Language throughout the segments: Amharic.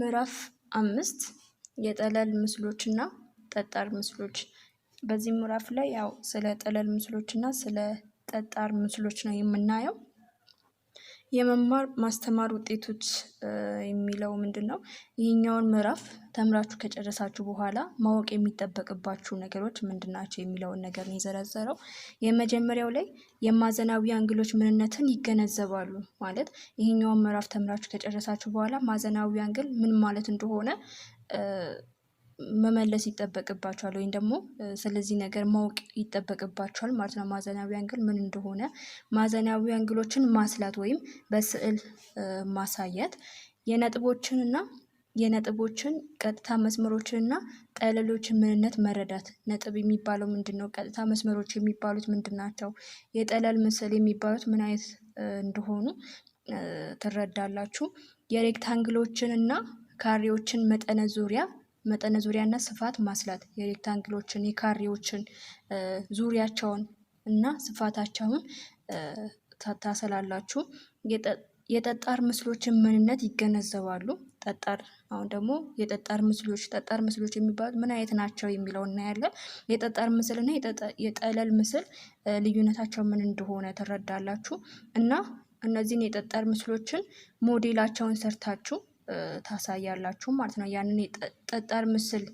ምዕራፍ አምስት የጠለል ምስሎች እና ጠጣር ምስሎች። በዚህ ምዕራፍ ላይ ያው ስለ ጠለል ምስሎች እና ስለ ጠጣር ምስሎች ነው የምናየው። የመማር ማስተማር ውጤቶች የሚለው ምንድነው? ይህኛውን ምዕራፍ ተምራችሁ ከጨረሳችሁ በኋላ ማወቅ የሚጠበቅባችሁ ነገሮች ምንድን ናቸው የሚለውን ነገር ነው የዘረዘረው። የመጀመሪያው ላይ የማዘናዊ አንግሎች ምንነትን ይገነዘባሉ ማለት ይህኛውን ምዕራፍ ተምራችሁ ከጨረሳችሁ በኋላ ማዘናዊ አንግል ምን ማለት እንደሆነ መመለስ ይጠበቅባቸዋል ወይም ደግሞ ስለዚህ ነገር ማወቅ ይጠበቅባቸዋል ማለት ነው። ማዕዘናዊ አንግል ምን እንደሆነ ማዕዘናዊ አንግሎችን ማስላት ወይም በስዕል ማሳየት የነጥቦችንና የነጥቦችን ቀጥታ መስመሮችንና ጠለሎችን ምንነት መረዳት። ነጥብ የሚባለው ምንድን ነው? ቀጥታ መስመሮች የሚባሉት ምንድን ናቸው? የጠለል ምስል የሚባሉት ምን አይነት እንደሆኑ ትረዳላችሁ። የሬክታንግሎችን እና ካሬዎችን መጠነ ዙሪያ መጠነ ዙሪያና ስፋት ማስላት የሬክታንግሎችን የካሬዎችን ዙሪያቸውን እና ስፋታቸውን ታሰላላችሁ። የጠጣር ምስሎችን ምንነት ይገነዘባሉ። ጠጣር አሁን ደግሞ የጠጣር ምስሎች ጠጣር ምስሎች የሚባሉት ምን አይነት ናቸው የሚለው እናያለን። የጠጣር ምስል እና የጠለል ምስል ልዩነታቸው ምን እንደሆነ ትረዳላችሁ እና እነዚህን የጠጣር ምስሎችን ሞዴላቸውን ሰርታችሁ ታሳያላችሁ ማለት ነው። ያንን የጠጠር ምስል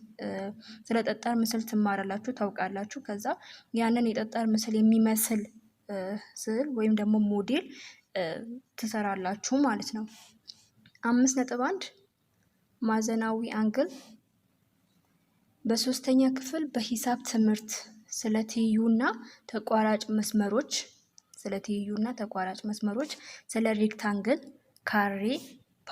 ስለ ጠጠር ምስል ትማራላችሁ፣ ታውቃላችሁ። ከዛ ያንን የጠጠር ምስል የሚመስል ስዕል ወይም ደግሞ ሞዴል ትሰራላችሁ ማለት ነው። አምስት ነጥብ አንድ ማዕዘናዊ አንግል በሶስተኛ ክፍል በሂሳብ ትምህርት ስለ ትይዩና ተቋራጭ መስመሮች ስለ ትይዩና ተቋራጭ መስመሮች፣ ስለ ሬክታንግል፣ ካሬ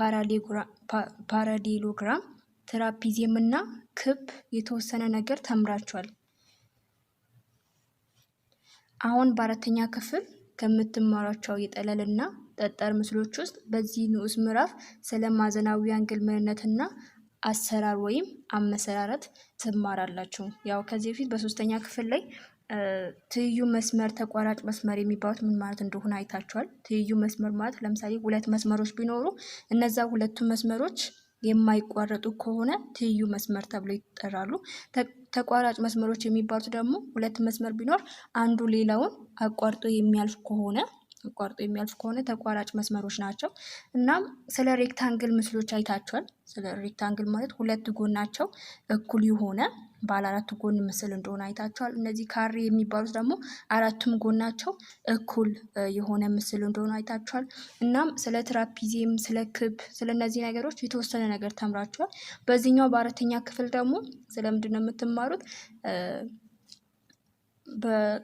ፓራሌሎግራም፣ ትራፒዚየም እና ክብ የተወሰነ ነገር ተምራችኋል። አሁን በአራተኛ ክፍል ከምትማሯቸው የጠለል እና ጠጠር ምስሎች ውስጥ በዚህ ንዑስ ምዕራፍ ስለ ማዕዘናዊ አንግል ምንነትና አሰራር ወይም አመሰራረት ትማራላችሁ። ያው ከዚህ በፊት በሶስተኛ ክፍል ላይ ትይዩ መስመር፣ ተቋራጭ መስመር የሚባሉት ምን ማለት እንደሆነ አይታችኋል። ትይዩ መስመር ማለት ለምሳሌ ሁለት መስመሮች ቢኖሩ እነዛ ሁለቱ መስመሮች የማይቋረጡ ከሆነ ትይዩ መስመር ተብሎ ይጠራሉ። ተቋራጭ መስመሮች የሚባሉት ደግሞ ሁለት መስመር ቢኖር አንዱ ሌላውን አቋርጦ የሚያልፍ ከሆነ አቋርጦ የሚያልፍ ከሆነ ተቋራጭ መስመሮች ናቸው። እናም ስለ ሬክታንግል ምስሎች አይታችኋል። ስለ ሬክታንግል ማለት ሁለት ጎናቸው እኩል የሆነ ባለ አራት ጎን ምስል እንደሆነ አይታችኋል። እነዚህ ካሬ የሚባሉት ደግሞ አራቱም ጎናቸው እኩል የሆነ ምስል እንደሆነ አይታችኋል። እናም ስለ ትራፒዚየም፣ ስለ ክብ፣ ስለ እነዚህ ነገሮች የተወሰነ ነገር ተምራችኋል። በዚህኛው በአራተኛ ክፍል ደግሞ ስለምንድን ነው የምትማሩት?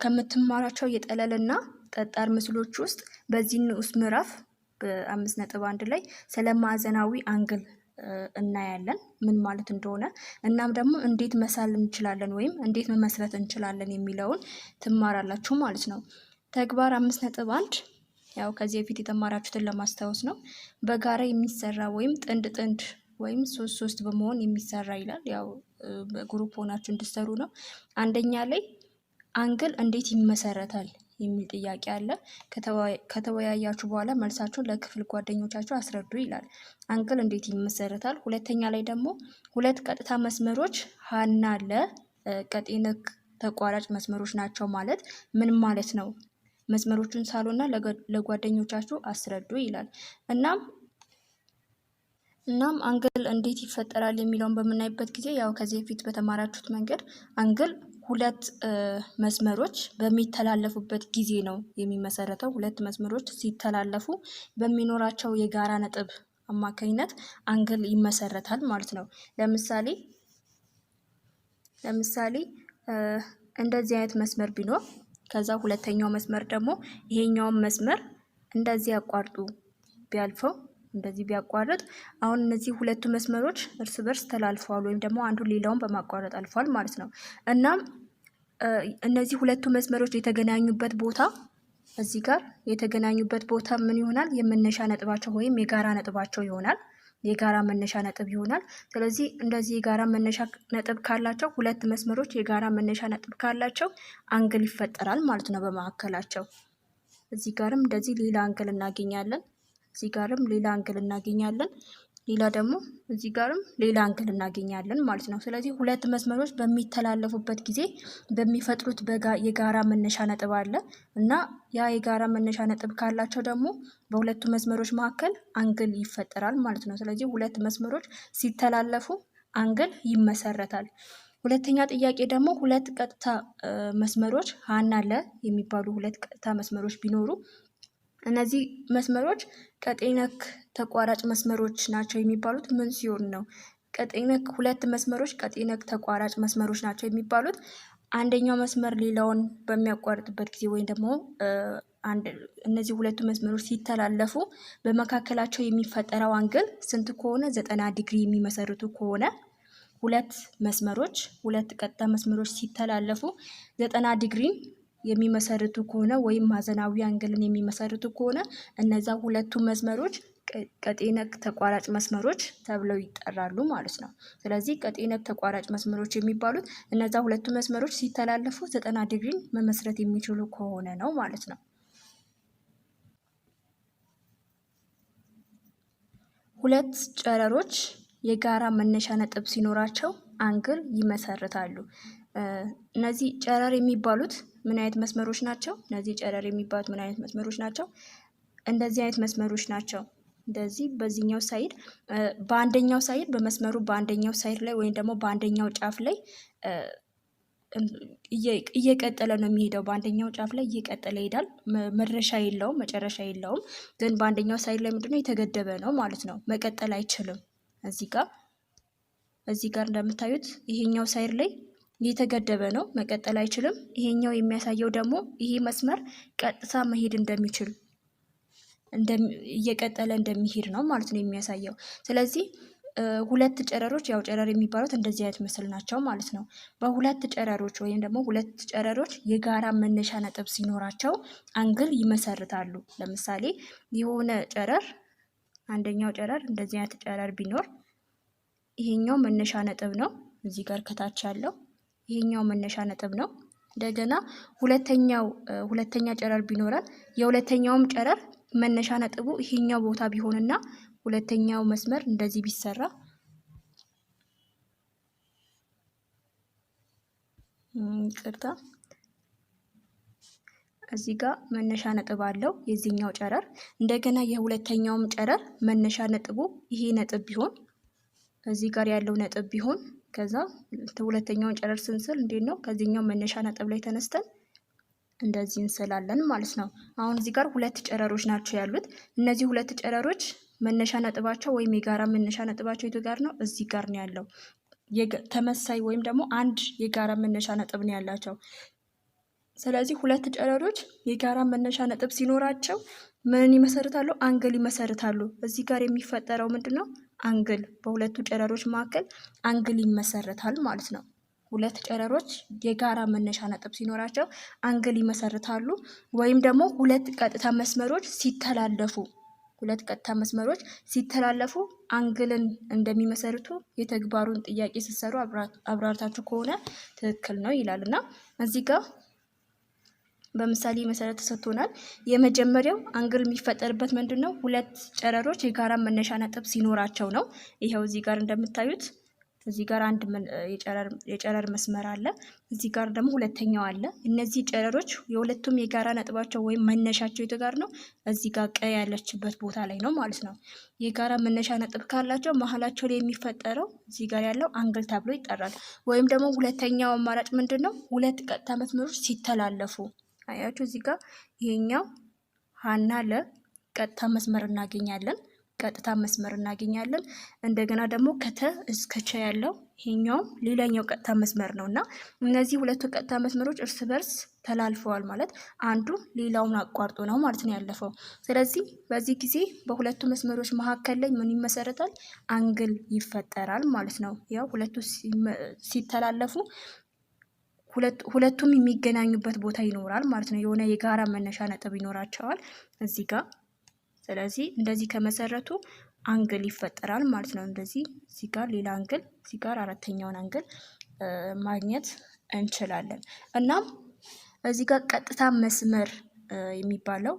ከምትማራቸው የጠለልና ጠጣር ምስሎች ውስጥ በዚህ ንዑስ ምዕራፍ በአምስት ነጥብ አንድ ላይ ስለ ማዕዘናዊ አንግል እናያለን ምን ማለት እንደሆነ እናም ደግሞ እንዴት መሳል እንችላለን ወይም እንዴት መመስረት እንችላለን የሚለውን ትማራላችሁ ማለት ነው። ተግባር አምስት ነጥብ አንድ ያው ከዚህ በፊት የተማራችሁትን ለማስታወስ ነው። በጋራ የሚሰራ ወይም ጥንድ ጥንድ ወይም ሶስት ሶስት በመሆን የሚሰራ ይላል። ያው በግሩፕ ሆናችሁ እንድሰሩ ነው። አንደኛ ላይ አንግል እንዴት ይመሰረታል የሚል ጥያቄ አለ። ከተወያያችሁ በኋላ መልሳችሁን ለክፍል ጓደኞቻችሁ አስረዱ ይላል። አንግል እንዴት ይመሰረታል? ሁለተኛ ላይ ደግሞ ሁለት ቀጥታ መስመሮች ሀና ለ ቀጤ ተቋራጭ መስመሮች ናቸው ማለት ምን ማለት ነው? መስመሮቹን ሳሉና ለጓደኞቻችሁ አስረዱ ይላል። እናም እናም አንግል እንዴት ይፈጠራል የሚለውን በምናይበት ጊዜ ያው ከዚህ በፊት በተማራችሁት መንገድ አንግል ሁለት መስመሮች በሚተላለፉበት ጊዜ ነው የሚመሰረተው። ሁለት መስመሮች ሲተላለፉ በሚኖራቸው የጋራ ነጥብ አማካኝነት አንግል ይመሰረታል ማለት ነው። ለምሳሌ ለምሳሌ እንደዚህ አይነት መስመር ቢኖር ከዛ ሁለተኛው መስመር ደግሞ ይሄኛውን መስመር እንደዚህ ያቋርጡ ቢያልፈው እንደዚህ ቢያቋርጥ አሁን እነዚህ ሁለቱ መስመሮች እርስ በርስ ተላልፈዋል፣ ወይም ደግሞ አንዱ ሌላውን በማቋረጥ አልፏል ማለት ነው። እናም እነዚህ ሁለቱ መስመሮች የተገናኙበት ቦታ እዚህ ጋር የተገናኙበት ቦታ ምን ይሆናል? የመነሻ ነጥባቸው ወይም የጋራ ነጥባቸው ይሆናል። የጋራ መነሻ ነጥብ ይሆናል። ስለዚህ እንደዚህ የጋራ መነሻ ነጥብ ካላቸው ሁለት መስመሮች የጋራ መነሻ ነጥብ ካላቸው አንግል ይፈጠራል ማለት ነው በመካከላቸው። እዚህ ጋርም እንደዚህ ሌላ አንግል እናገኛለን። እዚህ ጋርም ሌላ አንግል እናገኛለን። ሌላ ደግሞ እዚህ ጋርም ሌላ አንግል እናገኛለን ማለት ነው። ስለዚህ ሁለት መስመሮች በሚተላለፉበት ጊዜ በሚፈጥሩት የጋራ መነሻ ነጥብ አለ እና ያ የጋራ መነሻ ነጥብ ካላቸው ደግሞ በሁለቱ መስመሮች መካከል አንግል ይፈጠራል ማለት ነው። ስለዚህ ሁለት መስመሮች ሲተላለፉ አንግል ይመሰረታል። ሁለተኛ ጥያቄ ደግሞ ሁለት ቀጥታ መስመሮች ሀና ለ የሚባሉ ሁለት ቀጥታ መስመሮች ቢኖሩ እነዚህ መስመሮች ከጤነክ ተቋራጭ መስመሮች ናቸው የሚባሉት ምን ሲሆን ነው? ከጤነክ ሁለት መስመሮች ከጤነክ ተቋራጭ መስመሮች ናቸው የሚባሉት አንደኛው መስመር ሌላውን በሚያቋርጥበት ጊዜ ወይም ደግሞ እነዚህ ሁለቱ መስመሮች ሲተላለፉ በመካከላቸው የሚፈጠረው አንግል ስንት ከሆነ ዘጠና ዲግሪ የሚመሰርቱ ከሆነ ሁለት መስመሮች ሁለት ቀጥታ መስመሮች ሲተላለፉ ዘጠና ዲግሪን የሚመሰርቱ ከሆነ ወይም ማዕዘናዊ አንግልን የሚመሰርቱ ከሆነ እነዛ ሁለቱ መስመሮች ቀጤነክ ተቋራጭ መስመሮች ተብለው ይጠራሉ ማለት ነው። ስለዚህ ቀጤነክ ተቋራጭ መስመሮች የሚባሉት እነዛ ሁለቱ መስመሮች ሲተላለፉ ዘጠና ዲግሪን መመስረት የሚችሉ ከሆነ ነው ማለት ነው። ሁለት ጨረሮች የጋራ መነሻ ነጥብ ሲኖራቸው አንግል ይመሰርታሉ። እነዚህ ጨረር የሚባሉት ምን አይነት መስመሮች ናቸው? እነዚህ ጨረር የሚባሉት ምን አይነት መስመሮች ናቸው? እንደዚህ አይነት መስመሮች ናቸው። እንደዚህ በዚህኛው ሳይድ በአንደኛው ሳይድ በመስመሩ በአንደኛው ሳይድ ላይ ወይም ደግሞ በአንደኛው ጫፍ ላይ እየቀጠለ ነው የሚሄደው። በአንደኛው ጫፍ ላይ እየቀጠለ ይሄዳል። መድረሻ የለውም፣ መጨረሻ የለውም። ግን በአንደኛው ሳይድ ላይ ምንድነው የተገደበ ነው ማለት ነው። መቀጠል አይችልም። እዚህ ጋር እዚህ ጋር እንደምታዩት ይሄኛው ሳይድ ላይ እየተገደበ ነው፣ መቀጠል አይችልም። ይሄኛው የሚያሳየው ደግሞ ይሄ መስመር ቀጥታ መሄድ እንደሚችል እየቀጠለ እንደሚሄድ ነው ማለት ነው የሚያሳየው። ስለዚህ ሁለት ጨረሮች ያው ጨረር የሚባሉት እንደዚህ አይነት ምስል ናቸው ማለት ነው። በሁለት ጨረሮች ወይም ደግሞ ሁለት ጨረሮች የጋራ መነሻ ነጥብ ሲኖራቸው አንግል ይመሰርታሉ። ለምሳሌ የሆነ ጨረር አንደኛው ጨረር እንደዚህ አይነት ጨረር ቢኖር ይሄኛው መነሻ ነጥብ ነው እዚህ ጋር ከታች ያለው ይሄኛው መነሻ ነጥብ ነው። እንደገና ሁለተኛው ሁለተኛ ጨረር ቢኖረን የሁለተኛውም ጨረር መነሻ ነጥቡ ይሄኛው ቦታ ቢሆንና ሁለተኛው መስመር እንደዚህ ቢሰራ ይቅርታ፣ እዚህ ጋር መነሻ ነጥብ አለው የዚህኛው ጨረር። እንደገና የሁለተኛውም ጨረር መነሻ ነጥቡ ይሄ ነጥብ ቢሆን እዚህ ጋር ያለው ነጥብ ቢሆን ከዛ ሁለተኛውን ጨረር ስንስል እንዴት ነው ከዚህኛው መነሻ ነጥብ ላይ ተነስተን እንደዚህ እንስላለን ማለት ነው። አሁን እዚህ ጋር ሁለት ጨረሮች ናቸው ያሉት። እነዚህ ሁለት ጨረሮች መነሻ ነጥባቸው ወይም የጋራ መነሻ ነጥባቸው የቱ ጋር ነው? እዚህ ጋር ነው ያለው። ተመሳይ ወይም ደግሞ አንድ የጋራ መነሻ ነጥብ ነው ያላቸው። ስለዚህ ሁለት ጨረሮች የጋራ መነሻ ነጥብ ሲኖራቸው ምን ይመሰርታሉ? አንግል ይመሰርታሉ። እዚህ ጋር የሚፈጠረው ምንድን ነው? አንግል በሁለቱ ጨረሮች መካከል አንግል ይመሰረታል ማለት ነው። ሁለት ጨረሮች የጋራ መነሻ ነጥብ ሲኖራቸው አንግል ይመሰርታሉ። ወይም ደግሞ ሁለት ቀጥታ መስመሮች ሲተላለፉ ሁለት ቀጥታ መስመሮች ሲተላለፉ አንግልን እንደሚመሰርቱ የተግባሩን ጥያቄ ስትሰሩ አብራርታችሁ ከሆነ ትክክል ነው ይላል እና እዚህ ጋር በምሳሌ መሰረት ተሰጥቶናል። የመጀመሪያው አንግል የሚፈጠርበት ምንድን ነው? ሁለት ጨረሮች የጋራ መነሻ ነጥብ ሲኖራቸው ነው። ይኸው እዚህ ጋር እንደምታዩት እዚህ ጋር አንድ የጨረር መስመር አለ። እዚህ ጋር ደግሞ ሁለተኛው አለ። እነዚህ ጨረሮች የሁለቱም የጋራ ነጥባቸው ወይም መነሻቸው የቱ ጋር ነው? እዚህ ጋር ቀ ያለችበት ቦታ ላይ ነው ማለት ነው። የጋራ መነሻ ነጥብ ካላቸው መሀላቸው ላይ የሚፈጠረው እዚህ ጋር ያለው አንግል ተብሎ ይጠራል። ወይም ደግሞ ሁለተኛው አማራጭ ምንድን ነው? ሁለት ቀጥታ መስመሮች ሲተላለፉ አያችሁ እዚህ ጋር ይሄኛው ሀና ለ ቀጥታ መስመር እናገኛለን። ቀጥታ መስመር እናገኛለን። እንደገና ደግሞ ከተ እስከ ቸ ያለው ይሄኛውም ሌላኛው ቀጥታ መስመር ነው እና እነዚህ ሁለቱ ቀጥታ መስመሮች እርስ በርስ ተላልፈዋል ማለት አንዱ ሌላውን አቋርጦ ነው ማለት ነው ያለፈው። ስለዚህ በዚህ ጊዜ በሁለቱ መስመሮች መካከል ላይ ምን ይመሰረታል? አንግል ይፈጠራል ማለት ነው። ያው ሁለቱ ሲተላለፉ ሁለቱም የሚገናኙበት ቦታ ይኖራል ማለት ነው። የሆነ የጋራ መነሻ ነጥብ ይኖራቸዋል እዚህ ጋር። ስለዚህ እንደዚህ ከመሰረቱ አንግል ይፈጠራል ማለት ነው። እንደዚህ እዚህ ጋር ሌላ አንግል፣ እዚህ ጋር አራተኛውን አንግል ማግኘት እንችላለን። እናም እዚህ ጋር ቀጥታ መስመር የሚባለው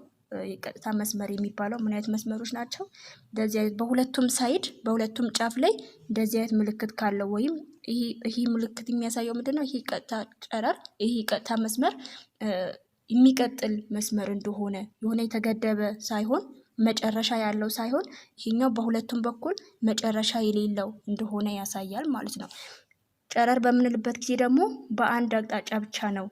የቀጥታ መስመር የሚባለው ምን አይነት መስመሮች ናቸው? እንደዚህ አይነት በሁለቱም ሳይድ በሁለቱም ጫፍ ላይ እንደዚህ አይነት ምልክት ካለው ወይም ይሄ ምልክት የሚያሳየው ምንድን ነው? ይሄ ቀጥታ ጨረር፣ ይሄ ቀጥታ መስመር የሚቀጥል መስመር እንደሆነ የሆነ የተገደበ ሳይሆን መጨረሻ ያለው ሳይሆን ይሄኛው በሁለቱም በኩል መጨረሻ የሌለው እንደሆነ ያሳያል ማለት ነው። ጨረር በምንልበት ጊዜ ደግሞ በአንድ አቅጣጫ ብቻ ነው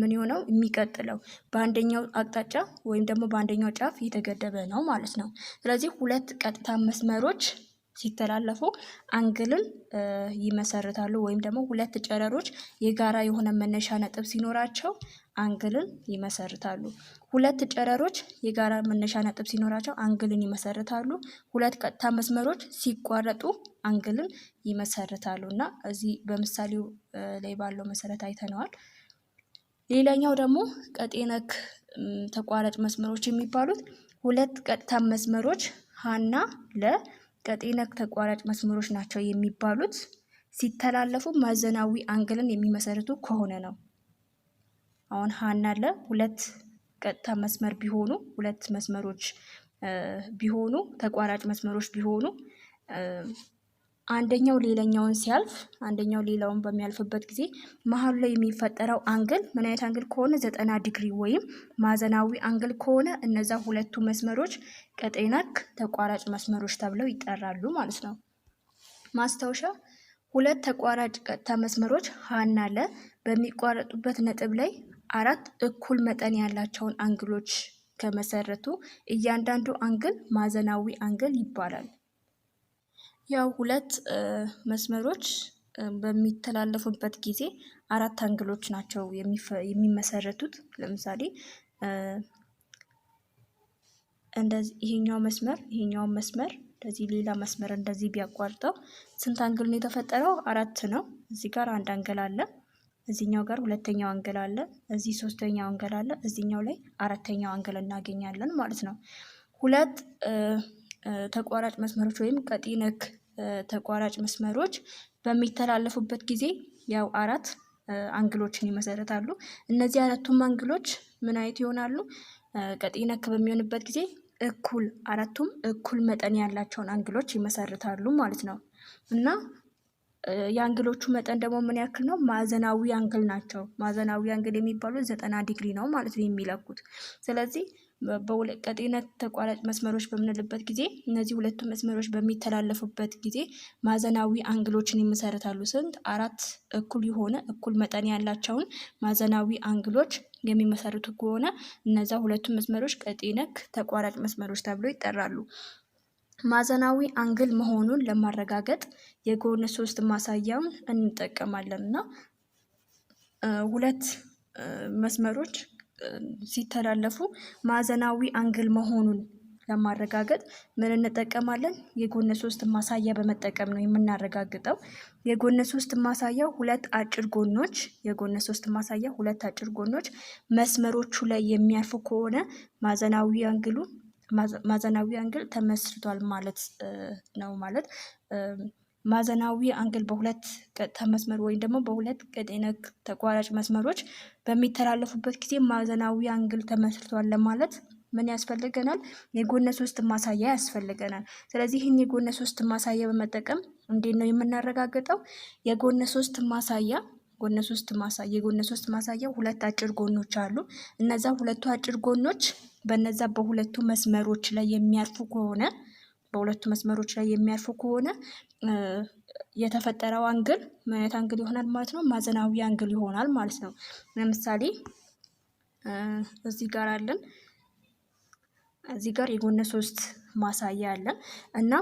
ምን የሆነው የሚቀጥለው በአንደኛው አቅጣጫ ወይም ደግሞ በአንደኛው ጫፍ የተገደበ ነው ማለት ነው። ስለዚህ ሁለት ቀጥታ መስመሮች ሲተላለፉ አንግልን ይመሰርታሉ ወይም ደግሞ ሁለት ጨረሮች የጋራ የሆነ መነሻ ነጥብ ሲኖራቸው አንግልን ይመሰርታሉ። ሁለት ጨረሮች የጋራ መነሻ ነጥብ ሲኖራቸው አንግልን ይመሰርታሉ። ሁለት ቀጥታ መስመሮች ሲቋረጡ አንግልን ይመሰርታሉ እና እዚህ በምሳሌው ላይ ባለው መሰረት አይተነዋል። ሌላኛው ደግሞ ቀጤነክ ነክ ተቋራጭ መስመሮች የሚባሉት ሁለት ቀጥታ መስመሮች ሀና ለ ከጤና ተቋራጭ መስመሮች ናቸው የሚባሉት ሲተላለፉ ማዕዘናዊ አንግልን የሚመሰርቱ ከሆነ ነው። አሁን ሀና ለ ሁለት ቀጥታ መስመር ቢሆኑ ሁለት መስመሮች ቢሆኑ ተቋራጭ መስመሮች ቢሆኑ አንደኛው ሌላኛውን ሲያልፍ አንደኛው ሌላውን በሚያልፍበት ጊዜ መሀሉ ላይ የሚፈጠረው አንግል ምን አይነት አንግል ከሆነ ዘጠና ዲግሪ ወይም ማዕዘናዊ አንግል ከሆነ እነዛ ሁለቱ መስመሮች ቀጤ ነክ ተቋራጭ መስመሮች ተብለው ይጠራሉ ማለት ነው። ማስታወሻ ሁለት ተቋራጭ ቀጥታ መስመሮች ሀና ለ በሚቋረጡበት ነጥብ ላይ አራት እኩል መጠን ያላቸውን አንግሎች ከመሰረቱ እያንዳንዱ አንግል ማዕዘናዊ አንግል ይባላል። ያው ሁለት መስመሮች በሚተላለፉበት ጊዜ አራት አንግሎች ናቸው የሚመሰረቱት። ለምሳሌ እንደዚህ ይሄኛው መስመር ይሄኛው መስመር እንደዚህ ሌላ መስመር እንደዚህ ቢያቋርጠው ስንት አንግል ነው የተፈጠረው? አራት ነው። እዚህ ጋር አንድ አንግል አለ፣ እዚህኛው ጋር ሁለተኛው አንግል አለ፣ እዚህ ሶስተኛው አንግል አለ፣ እዚህኛው ላይ አራተኛው አንግል እናገኛለን ማለት ነው። ሁለት ተቋራጭ መስመሮች ወይም ቀጢ ነክ ተቋራጭ መስመሮች በሚተላለፉበት ጊዜ ያው አራት አንግሎችን ይመሰረታሉ። እነዚህ አራቱም አንግሎች ምን አይነት ይሆናሉ? ቀጢ ነክ በሚሆንበት ጊዜ እኩል አራቱም እኩል መጠን ያላቸውን አንግሎች ይመሰርታሉ ማለት ነው እና የአንግሎቹ መጠን ደግሞ ምን ያክል ነው? ማዕዘናዊ አንግል ናቸው። ማዕዘናዊ አንግል የሚባሉት ዘጠና ዲግሪ ነው ማለት ነው የሚለኩት። ስለዚህ ከጤነት ተቋራጭ መስመሮች በምንልበት ጊዜ እነዚህ ሁለቱ መስመሮች በሚተላለፉበት ጊዜ ማዘናዊ አንግሎችን ይመሰርታሉ። ስንት? አራት እኩል የሆነ እኩል መጠን ያላቸውን ማዘናዊ አንግሎች የሚመሰርቱ ከሆነ እነዛ ሁለቱ መስመሮች ቀጤነክ ተቋራጭ መስመሮች ተብሎ ይጠራሉ። ማዘናዊ አንግል መሆኑን ለማረጋገጥ የጎን ሶስት ማሳያውን እንጠቀማለን እና ሁለት መስመሮች ሲተላለፉ ማዕዘናዊ አንግል መሆኑን ለማረጋገጥ ምን እንጠቀማለን? የጎነ ሶስት ማሳያ በመጠቀም ነው የምናረጋግጠው። የጎነ ሶስት ማሳያ ሁለት አጭር ጎኖች የጎነ ሶስት ማሳያ ሁለት አጭር ጎኖች መስመሮቹ ላይ የሚያርፉ ከሆነ ማዕዘናዊ አንግሉ ማዕዘናዊ አንግል ተመስርቷል ማለት ነው ማለት ማዘናዊ አንግል በሁለት ቀጥታ መስመር ወይም ደግሞ በሁለት ቀጤነ ተቋራጭ መስመሮች በሚተላለፉበት ጊዜ ማዘናዊ አንግል ተመስርቷል ለማለት ምን ያስፈልገናል? የጎነ ሶስት ማሳያ ያስፈልገናል። ስለዚህ ይህን የጎነ ሶስት ማሳያ በመጠቀም እንዴት ነው የምናረጋግጠው? የጎነ ሶስት ማሳያ ጎነ ሶስት ማሳያ የጎነ ሶስት ማሳያ ሁለት አጭር ጎኖች አሉ። እነዛ ሁለቱ አጭር ጎኖች በነዛ በሁለቱ መስመሮች ላይ የሚያርፉ ከሆነ በሁለቱ መስመሮች ላይ የሚያርፉ ከሆነ የተፈጠረው አንግል ምን አይነት አንግል ይሆናል ማለት ነው? ማዕዘናዊ አንግል ይሆናል ማለት ነው። ለምሳሌ እዚህ ጋር አለን፣ እዚህ ጋር የጎነ ሶስት ማሳያ አለን እና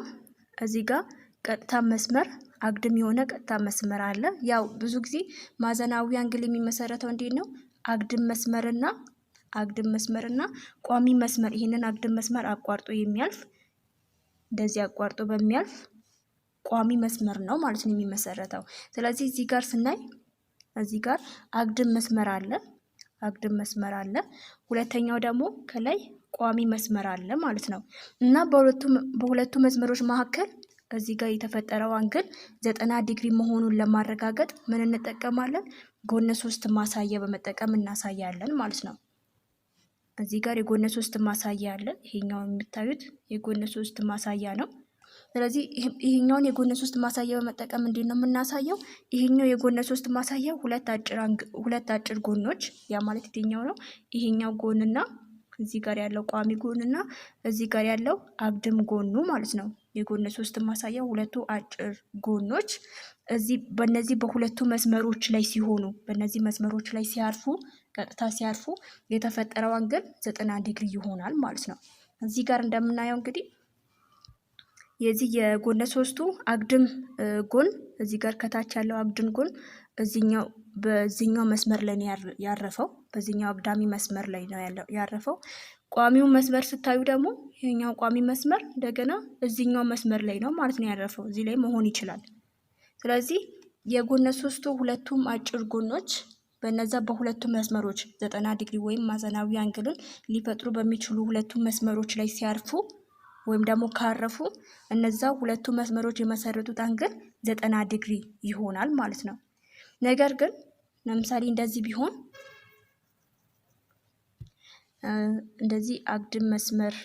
እዚህ ጋር ቀጥታ መስመር አግድም የሆነ ቀጥታ መስመር አለ። ያው ብዙ ጊዜ ማዕዘናዊ አንግል የሚመሰረተው እንዴት ነው? አግድም መስመርና አግድም መስመርና ቋሚ መስመር ይህንን አግድም መስመር አቋርጦ የሚያልፍ እንደዚህ አቋርጦ በሚያልፍ ቋሚ መስመር ነው ማለት ነው የሚመሰረተው። ስለዚህ እዚህ ጋር ስናይ እዚህ ጋር አግድም መስመር አለ፣ አግድም መስመር አለ። ሁለተኛው ደግሞ ከላይ ቋሚ መስመር አለ ማለት ነው እና በሁለቱ መስመሮች መካከል እዚህ ጋር የተፈጠረው አንግል ዘጠና ዲግሪ መሆኑን ለማረጋገጥ ምን እንጠቀማለን? ጎነ ሶስት ማሳያ በመጠቀም እናሳያለን ማለት ነው። እዚህ ጋር የጎነ ሶስት ማሳያ አለ። ይሄኛው የምታዩት የጎነ ሶስት ማሳያ ነው። ስለዚህ ይሄኛውን የጎነ ሶስት ማሳያ በመጠቀም እንዴት ነው የምናሳየው? ይሄኛው የጎነ ሶስት ማሳያ ሁለት አጭር ጎኖች ያ ማለት የትኛው ነው? ይሄኛው ጎንና እዚህ ጋር ያለው ቋሚ ጎንና እዚህ ጋር ያለው አግድም ጎኑ ማለት ነው። የጎነ ሶስት ማሳያ ሁለቱ አጭር ጎኖች እዚህ በእነዚህ በሁለቱ መስመሮች ላይ ሲሆኑ በእነዚህ መስመሮች ላይ ሲያርፉ ቀጥታ ሲያርፉ የተፈጠረው አንግል ዘጠና ዲግሪ ይሆናል ማለት ነው። እዚህ ጋር እንደምናየው እንግዲህ የዚህ የጎነ ሶስቱ አግድም ጎን እዚህ ጋር ከታች ያለው አግድም ጎን እዚኛው በዚህኛው መስመር ላይ ነው ያረፈው። በዚኛው አግዳሚ መስመር ላይ ነው ያረፈው። ቋሚው መስመር ስታዩ ደግሞ ይሄኛው ቋሚ መስመር እንደገና እዚኛው መስመር ላይ ነው ማለት ነው ያረፈው። እዚህ ላይ መሆን ይችላል። ስለዚህ የጎነ ሶስቱ ሁለቱም አጭር ጎኖች በእነዛ በሁለቱ መስመሮች ዘጠና ዲግሪ ወይም ማዕዘናዊ አንግልን ሊፈጥሩ በሚችሉ ሁለቱ መስመሮች ላይ ሲያርፉ ወይም ደግሞ ካረፉ እነዛ ሁለቱ መስመሮች የመሰረቱት አንግል ዘጠና ዲግሪ ይሆናል ማለት ነው። ነገር ግን ለምሳሌ እንደዚህ ቢሆን እንደዚህ አግድም መስመር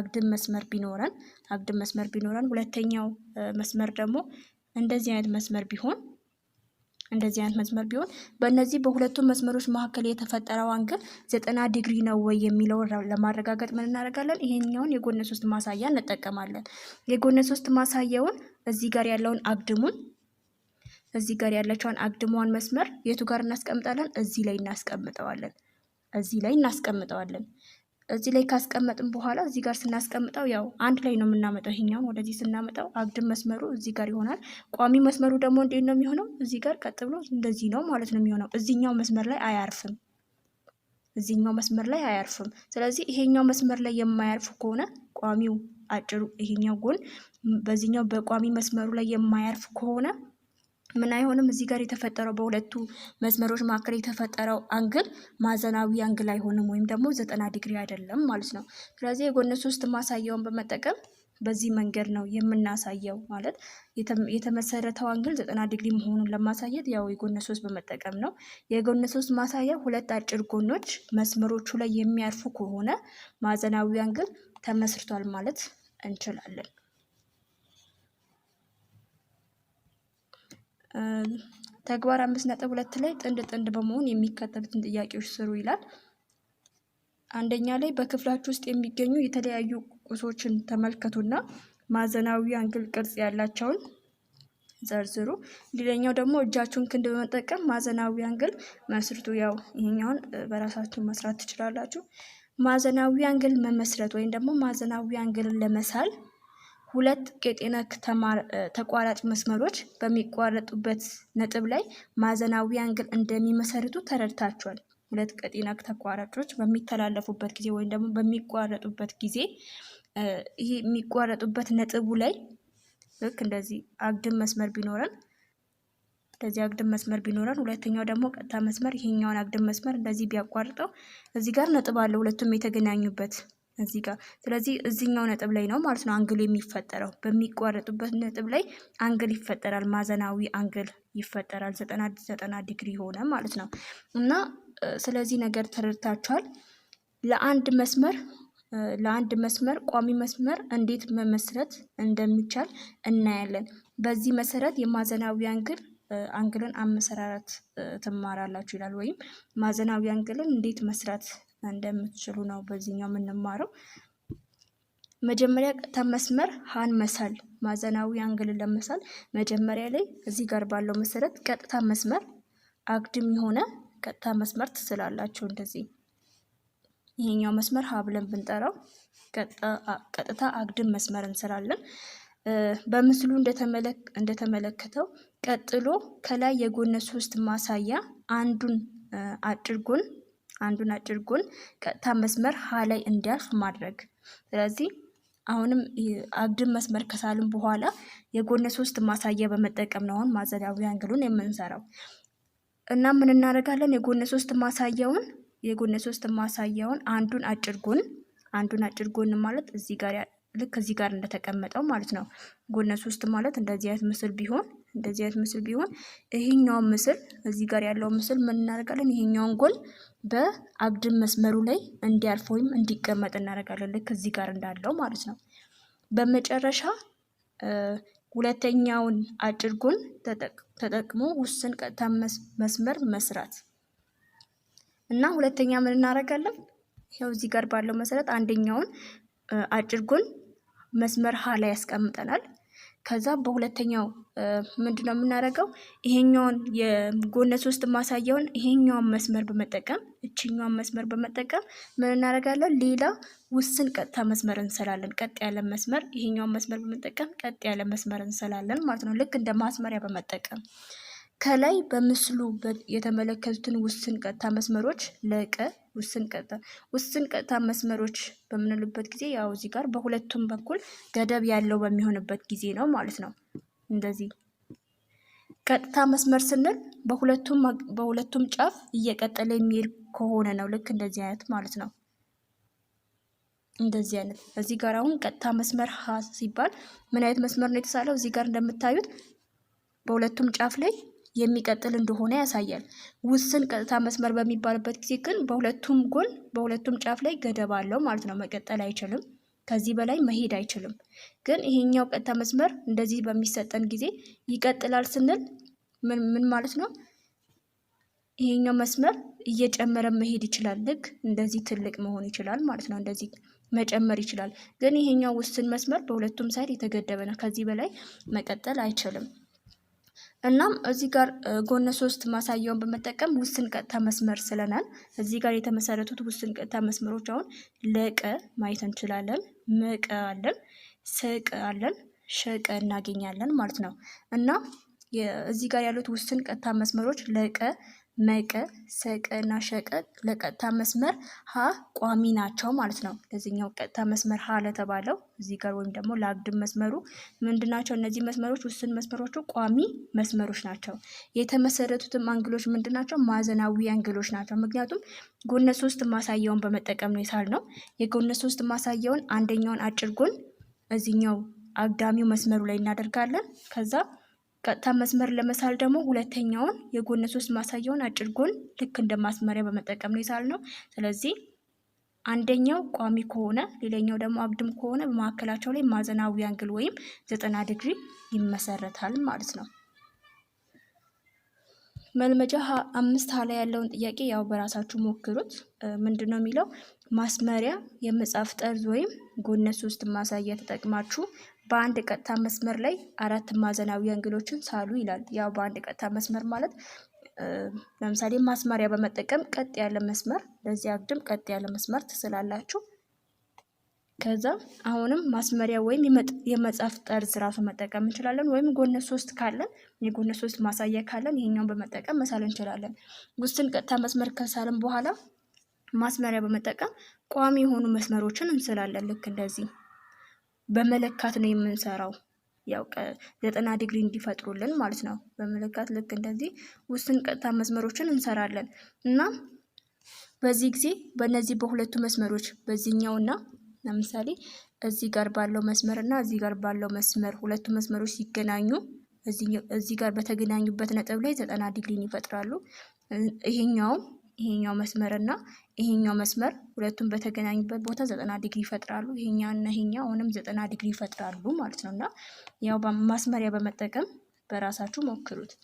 አግድም መስመር ቢኖረን አግድም መስመር ቢኖረን ሁለተኛው መስመር ደግሞ እንደዚህ አይነት መስመር ቢሆን እንደዚህ አይነት መስመር ቢሆን በእነዚህ በሁለቱም መስመሮች መካከል የተፈጠረው አንግል ዘጠና ዲግሪ ነው ወይ የሚለውን ለማረጋገጥ ምን እናደርጋለን? ይሄኛውን የጎነ ሶስት ማሳያ እንጠቀማለን። የጎነ ሶስት ማሳያውን እዚህ ጋር ያለውን አግድሙን እዚህ ጋር ያለችውን አግድሟን መስመር የቱ ጋር እናስቀምጣለን? እዚህ ላይ እናስቀምጠዋለን። እዚህ ላይ እናስቀምጠዋለን። እዚህ ላይ ካስቀመጥን በኋላ እዚህ ጋር ስናስቀምጠው ያው አንድ ላይ ነው የምናመጣው። ይሄኛውን ወደዚህ ስናመጣው አግድም መስመሩ እዚህ ጋር ይሆናል። ቋሚ መስመሩ ደግሞ እንዴት ነው የሚሆነው? እዚህ ጋር ቀጥ ብሎ እንደዚህ ነው ማለት ነው የሚሆነው። እዚህኛው መስመር ላይ አያርፍም። እዚህኛው መስመር ላይ አያርፍም። ስለዚህ ይሄኛው መስመር ላይ የማያርፍ ከሆነ ቋሚው አጭሩ ይሄኛው ጎን በዚህኛው በቋሚ መስመሩ ላይ የማያርፍ ከሆነ ምን አይሆንም። እዚህ ጋር የተፈጠረው በሁለቱ መስመሮች መካከል የተፈጠረው አንግል ማዘናዊ አንግል አይሆንም፣ ወይም ደግሞ ዘጠና ዲግሪ አይደለም ማለት ነው። ስለዚህ የጎን ሶስት ማሳያውን በመጠቀም በዚህ መንገድ ነው የምናሳየው። ማለት የተመሰረተው አንግል ዘጠና ዲግሪ መሆኑን ለማሳየት ያው የጎነ ሶስት በመጠቀም ነው። የጎነ ሶስት ማሳያ ሁለት አጭር ጎኖች መስመሮቹ ላይ የሚያርፉ ከሆነ ማዕዘናዊ አንግል ተመስርቷል ማለት እንችላለን። ተግባር አምስት ነጥብ ሁለት ላይ ጥንድ ጥንድ በመሆን የሚከተሉትን ጥያቄዎች ስሩ ይላል። አንደኛ ላይ በክፍላችሁ ውስጥ የሚገኙ የተለያዩ ቁሶችን ተመልከቱና ማዕዘናዊ አንግል ቅርጽ ያላቸውን ዘርዝሩ። ሌላኛው ደግሞ እጃችሁን ክንድ በመጠቀም ማዕዘናዊ አንግል መስርቱ። ያው ይሄኛውን በራሳችሁ መስራት ትችላላችሁ። ማዕዘናዊ አንግል መመስረት ወይም ደግሞ ማዕዘናዊ አንግልን ለመሳል ሁለት የጤና ተቋራጭ መስመሮች በሚቋረጡበት ነጥብ ላይ ማዕዘናዊ አንግል እንደሚመሰርቱ ተረድታችኋል። ሁለት የጤና ተቋራጮች በሚተላለፉበት ጊዜ ወይም ደግሞ በሚቋረጡበት ጊዜ ይህ የሚቋረጡበት ነጥቡ ላይ ልክ እንደዚህ አግድም መስመር ቢኖረን እንደዚህ አግድም መስመር ቢኖረን ሁለተኛው ደግሞ ቀጥታ መስመር ይሄኛውን አግድም መስመር እንደዚህ ቢያቋርጠው እዚህ ጋር ነጥብ አለ ሁለቱም የተገናኙበት እዚህ ጋር። ስለዚህ እዚህኛው ነጥብ ላይ ነው ማለት ነው አንግል የሚፈጠረው። በሚቋረጡበት ነጥብ ላይ አንግል ይፈጠራል፣ ማዘናዊ አንግል ይፈጠራል። ዘጠና ዘጠና ዲግሪ ሆነ ማለት ነው። እና ስለዚህ ነገር ተረድታችኋል። ለአንድ መስመር ለአንድ መስመር ቋሚ መስመር እንዴት መመስረት እንደሚቻል እናያለን። በዚህ መሰረት የማዘናዊ አንግል አንግልን አመሰራረት ትማራላችሁ ይላል። ወይም ማዘናዊ አንግልን እንዴት መስራት እንደምትችሉ ነው በዚህኛው የምንማረው። መጀመሪያ ተመስመር ሀን መሳል ማዕዘናዊ አንግልን ለመሳል መጀመሪያ ላይ እዚህ ጋር ባለው መሰረት ቀጥታ መስመር አግድም የሆነ ቀጥታ መስመር ትስላላችሁ። እንደዚህ ይሄኛው መስመር ሀ ብለን ብንጠራው ቀጥታ አግድም መስመር እንስላለን። በምስሉ እንደተመለከተው ቀጥሎ ከላይ የጎነ ሶስት ማሳያ አንዱን አጭር ጎን አንዱን አጭር ጎን ቀጥታ መስመር ሀ ላይ እንዲያልፍ ማድረግ። ስለዚህ አሁንም አግድም መስመር ከሳልም በኋላ የጎነ ሶስት ማሳያ በመጠቀም ነው አሁን ማዘጋቢ አንግሉን የምንሰራው እና ምን እናደርጋለን? የጎነ ሶስት ማሳያውን የጎነ ሶስት ማሳያውን አንዱን አጭር ጎን አንዱን አጭር ጎን ማለት እዚህ ጋር ልክ እዚህ ጋር እንደተቀመጠው ማለት ነው። ጎነ ሶስት ማለት እንደዚህ አይነት ምስል ቢሆን እንደዚህ አይነት ምስል ቢሆን ይሄኛውን ምስል እዚህ ጋር ያለው ምስል ምን እናደርጋለን? ይሄኛውን ጎል በአግድም መስመሩ ላይ እንዲያርፍ ወይም እንዲቀመጥ እናደርጋለን። ልክ እዚህ ጋር እንዳለው ማለት ነው። በመጨረሻ ሁለተኛውን አጭር ጎን ተጠቅሞ ውስን ቀጥታ መስመር መስራት እና ሁለተኛ ምን እናደርጋለን? ያው እዚህ ጋር ባለው መሰረት አንደኛውን አጭር ጎን መስመር ሀ ላይ ያስቀምጠናል። ከዛ በሁለተኛው ምንድን ነው የምናደርገው? ይሄኛውን የጎነ ሶስት ማሳያውን ይሄኛውን መስመር በመጠቀም እችኛውን መስመር በመጠቀም ምን እናደርጋለን? ሌላ ውስን ቀጥታ መስመር እንሰላለን። ቀጥ ያለ መስመር ይሄኛውን መስመር በመጠቀም ቀጥ ያለ መስመር እንሰላለን ማለት ነው። ልክ እንደ ማስመሪያ በመጠቀም ከላይ በምስሉ የተመለከቱትን ውስን ቀጥታ መስመሮች ለቀ፣ ውስን ቀጥታ ውስን ቀጥታ መስመሮች በምንልበት ጊዜ ያው እዚህ ጋር በሁለቱም በኩል ገደብ ያለው በሚሆንበት ጊዜ ነው ማለት ነው። እንደዚህ ቀጥታ መስመር ስንል በሁለቱም በሁለቱም ጫፍ እየቀጠለ የሚሄድ ከሆነ ነው። ልክ እንደዚህ አይነት ማለት ነው። እንደዚህ አይነት እዚህ ጋር አሁን ቀጥታ መስመር ሀ ሲባል ምን አይነት መስመር ነው የተሳለው? እዚህ ጋር እንደምታዩት በሁለቱም ጫፍ ላይ የሚቀጥል እንደሆነ ያሳያል። ውስን ቀጥታ መስመር በሚባልበት ጊዜ ግን በሁለቱም ጎን በሁለቱም ጫፍ ላይ ገደብ አለው ማለት ነው። መቀጠል አይችልም፣ ከዚህ በላይ መሄድ አይችልም። ግን ይሄኛው ቀጥታ መስመር እንደዚህ በሚሰጠን ጊዜ ይቀጥላል ስንል ምን ማለት ነው? ይሄኛው መስመር እየጨመረ መሄድ ይችላል። ልክ እንደዚህ ትልቅ መሆን ይችላል ማለት ነው። እንደዚህ መጨመር ይችላል። ግን ይሄኛው ውስን መስመር በሁለቱም ሳይድ የተገደበ ነው። ከዚህ በላይ መቀጠል አይችልም። እናም እዚህ ጋር ጎነ ሶስት ማሳያውን በመጠቀም ውስን ቀጥታ መስመር ስለናል። እዚህ ጋር የተመሰረቱት ውስን ቀጥታ መስመሮች አሁን ለቀ ማየት እንችላለን፣ መቀ አለን፣ ሰቀ አለን፣ ሸቀ እናገኛለን ማለት ነው እና እዚህ ጋር ያሉት ውስን ቀጥታ መስመሮች ለቀ መቀ፣ ሰቀ እና ሸቀ ለቀጥታ መስመር ሀ ቋሚ ናቸው ማለት ነው። ለዚህኛው ቀጥታ መስመር ሀ ለተባለው እዚህ ጋር ወይም ደግሞ ለአግድም መስመሩ ምንድን ናቸው? እነዚህ መስመሮች ውስን መስመሮቹ ቋሚ መስመሮች ናቸው። የተመሰረቱትም አንግሎች ምንድን ናቸው? ማዕዘናዊ አንግሎች ናቸው። ምክንያቱም ጎነ ሶስት ማሳያውን በመጠቀም ነው የሳል ነው። የጎነ ሶስት ማሳያውን አንደኛውን አጭር ጎን እዚኛው አግዳሚው መስመሩ ላይ እናደርጋለን ከዛ ቀጥታ መስመር ለመሳል ደግሞ ሁለተኛውን የጎነ ሶስት ማሳያውን አጭር ጎን ልክ እንደ ማስመሪያ በመጠቀም ነው ነው። ስለዚህ አንደኛው ቋሚ ከሆነ ሌላኛው ደግሞ አግድም ከሆነ በመካከላቸው ላይ ማዕዘናዊ አንግል ወይም ዘጠና ዲግሪ ይመሰረታል ማለት ነው። መልመጃ አምስት ሀ ላይ ያለውን ጥያቄ ያው በራሳችሁ ሞክሩት። ምንድን ነው የሚለው? ማስመሪያ የመጽሐፍ ጠርዝ ወይም ጎነ ሶስት ማሳያ ተጠቅማችሁ በአንድ ቀጥታ መስመር ላይ አራት ማዕዘናዊ አንግሎችን ሳሉ ይላል። ያው በአንድ ቀጥታ መስመር ማለት ለምሳሌ ማስመሪያ በመጠቀም ቀጥ ያለ መስመር ለዚህ አግድም ቀጥ ያለ መስመር ትስላላችሁ። ከዛ አሁንም ማስመሪያ ወይም የመጽሐፍ ጠርዝ ራሱ መጠቀም እንችላለን። ወይም ጎነ ሶስት ካለን የጎነ ሶስት ማሳያ ካለን ይሄኛውን በመጠቀም መሳል እንችላለን። ውስን ቀጥታ መስመር ከሳልን በኋላ ማስመሪያ በመጠቀም ቋሚ የሆኑ መስመሮችን እንስላለን። ልክ እንደዚህ በመለካት ነው የምንሰራው። ያው ዘጠና ዲግሪ እንዲፈጥሩልን ማለት ነው በመለካት ልክ እንደዚህ ውስን ቀጥታ መስመሮችን እንሰራለን እና በዚህ ጊዜ በእነዚህ በሁለቱ መስመሮች በዚህኛው ና ለምሳሌ እዚህ ጋር ባለው መስመር እና እዚህ ጋር ባለው መስመር ሁለቱ መስመሮች ሲገናኙ እዚህ ጋር በተገናኙበት ነጥብ ላይ ዘጠና ዲግሪን ይፈጥራሉ። ይሄኛውም ይሄኛው መስመር እና ይሄኛው መስመር ሁለቱም በተገናኙበት ቦታ ዘጠና ዲግሪ ይፈጥራሉ። ይሄኛው እና ይሄኛው አሁንም ዘጠና ዲግሪ ይፈጥራሉ ማለት ነው እና ያው ማስመሪያ በመጠቀም በራሳችሁ ሞክሩት።